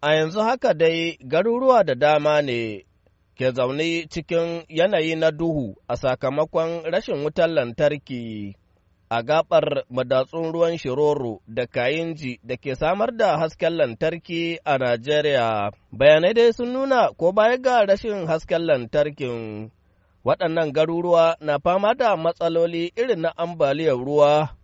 A yanzu haka dai garuruwa da dama ne ke zaune cikin yanayi na duhu a sakamakon rashin wutar lantarki a gabar madatsun ruwan Shiroro da Kayinji da ke samar da hasken lantarki a Najeriya. Bayanai dai sun nuna ko baya ga rashin hasken lantarkin waɗannan garuruwa na fama da matsaloli irin na ambaliyar ruwa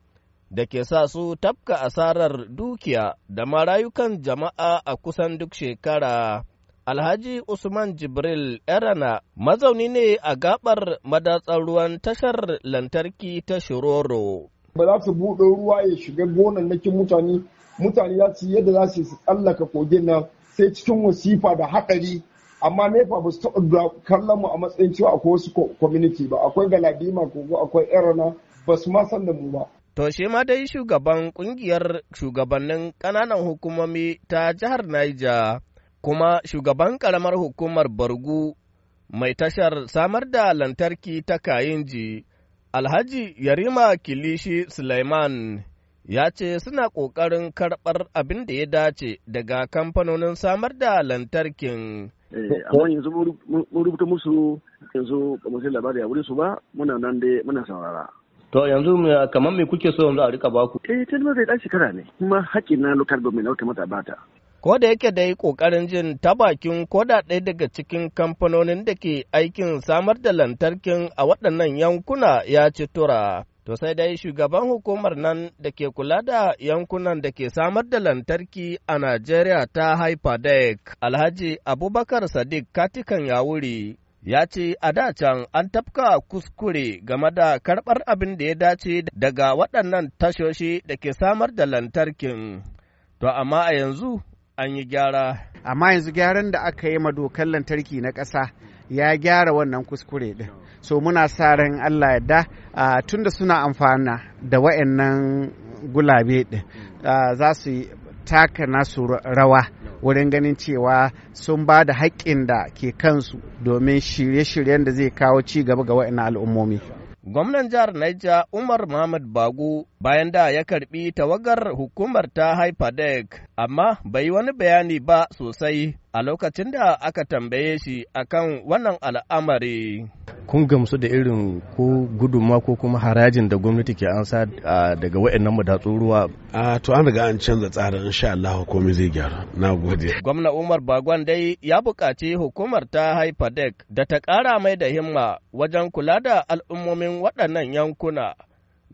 da ke sa su tafka asarar dukiya da marayukan jama'a a kusan duk shekara. Alhaji Usman Jibril Erana mazauni ne a gabar madatsar ruwan tashar lantarki ta Shiroro. Ba za su buɗe ruwa ya shiga gonannakin mutane, mutane za su yadda za su tsallaka kogin nan sai cikin wasifa da haɗari. Amma nefa ba su taɓa kallon mu a matsayin cewa akwai wasu community ba, akwai Galadima kogo, akwai Erana, ba su ma san da mu ba. To shi ma dai shugaban ƙungiyar shugabannin ƙananan hukumomi ta jihar Niger kuma shugaban ƙaramar hukumar Bargu mai tashar samar da lantarki ta Kayinji, Alhaji Yarima Kilishi Suleiman ya ce suna ƙoƙarin karɓar abin da ya dace daga kamfanonin samar da lantarkin. Eh, amma yanzu mun rubuta musu yanzu ba mu sai labari a wuri su ba muna nan dai muna saurara. To yanzu kamar me kuke so yanzu a rika baku? Eh Talibu zai dan shekara ne kuma haƙƙin na local government na mata bata. Ko da yake dai kokarin jin ta bakin koda ɗaya daga cikin kamfanonin da ke aikin samar da lantarkin a waɗannan yankuna ya ci tura. To sai dai shugaban hukumar nan da ke kula da yankunan da ke samar da lantarki a Najeriya ta haifa Alhaji Abubakar Sadiq Katikan Yawuri ya ce a da can an tafka kuskure game da karɓar abin da ya dace daga waɗannan tashoshi da ke samar da lantarkin to amma a yanzu an yi gyara amma yanzu gyaran da aka yi ma dokar lantarki na ƙasa ya gyara wannan kuskure ɗin so muna sa ran allah yadda tunda suna amfana da waɗannan gulabe din za su taka nasu rawa wurin ganin cewa sun ba da haƙƙin da ke kansu domin shirye-shiryen da zai kawo ci gaba ga wa'in al'ummomi. Gwamnan jihar Naija Umar Muhammad Bago bayan da ya karbi tawagar hukumar ta Hyperdeck amma bai wani bayani ba sosai a lokacin da aka tambaye shi akan wannan al'amari. Kun gamsu da irin ko gudunma ko kuma harajin da gwamnati ke ansa daga wa'annan madatsun ruwa? A to an riga an canza tsarin insha Allah komai zai gyara. Na gode. Gwamna Umar Bagwan dai ya buƙaci hukumar ta haifa dek da ta ƙara mai da himma wajen kula da al'ummomin waɗannan yankuna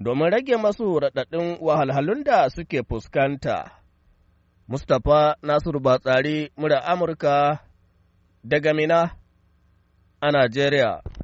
domin rage masu raɗaɗin wahalhalun da suke fuskanta. Mustapha Nasiru Batsari, mura Amurka daga Mina a Najeriya.